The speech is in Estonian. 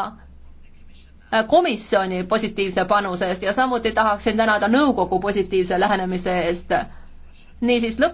Äh, komisjoni positiivse panuse eest ja samuti tahaksin tänada nõukogu positiivse lähenemise eest. niisiis lõpp.